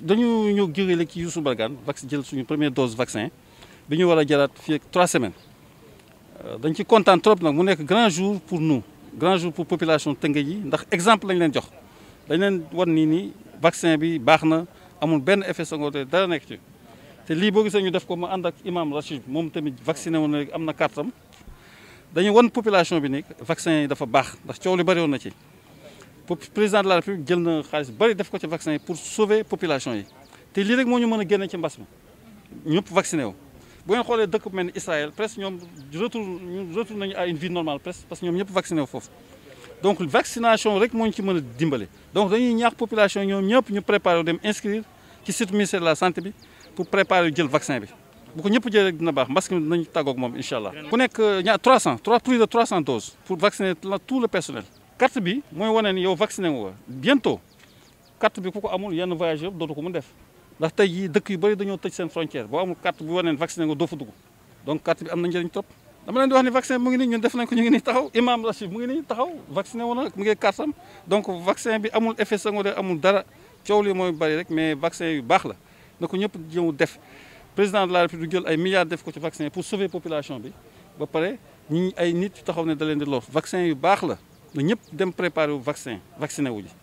dañu ñëw jógee léegi Youssou Mbargane vax jël suñu première dose vaccin bi ñu war a ak trois semaines euh, dañ ci content trop nak mu nekk grand jour pour nous grand jour pour population Tëngéej yi ndax exemple lañ leen jox dañ leen won ni ni vaccin bi baxna amul ben effet secondaire dara nekk ci té li bo gisee ñu def ko ma ànd ak imam Rachid mom tamit vacciné won na am na dañu won population bi nek vaccin dafa bax ndax ciow lu bari won na ci président de la république jël na xaalis bari def ko ci vaccin pour sauver population yi te lii rek moo ñu mën a génne ci mbas mi ñëpp vacciné wu. bu ngeen xoolee dëkk mel ni Israël presque ñoom retour retour nañu à une vie normale presque parce que ñoom ñëpp vacciné wu foofu donc vaccination rek moo ñu ci mën a dimbale. donc dañuy ñaax population ñoom ñëpp ñu préparé wu dem inscrire ci site ministère de la santé bi pour préparer jël vaccin bi bu ko ñëpp jël rek dina baax mbas mi dinañ tàggoog moom incha ku nekk 300 euh, 3 plus de 300 doses pour vacciner tout le personnel carte bi moy wane ni yow vacciné nga bientôt carte bi kuko amul yenn voyageur yëpp dootu ko mu def ndax tay yi dëkk yu bari dañoo tëj seen frontière bo amul carte bi wane ni vacciné nga doo dugg donc carte bi am na njëriñ top dama leen di wax ni vaccin mu ngi ni ñun def nañ ko ñu ngi ni taxaw imam rashid mu ngi ni taxaw vacciné wu na mu ngi carte donc vaccin bi amul effet secondaire amul dara ciowli moy bari rek mais vaccin yu bax la na ko ñëpp jëmu def président de la république jël ay milliards def ko ci vaccin pour sauver population bi ba paré ñi ay nit taxaw ne da leen di lor vaccin yu bax la. na ñëpp dem préparer wu vaccin vacciné wu ji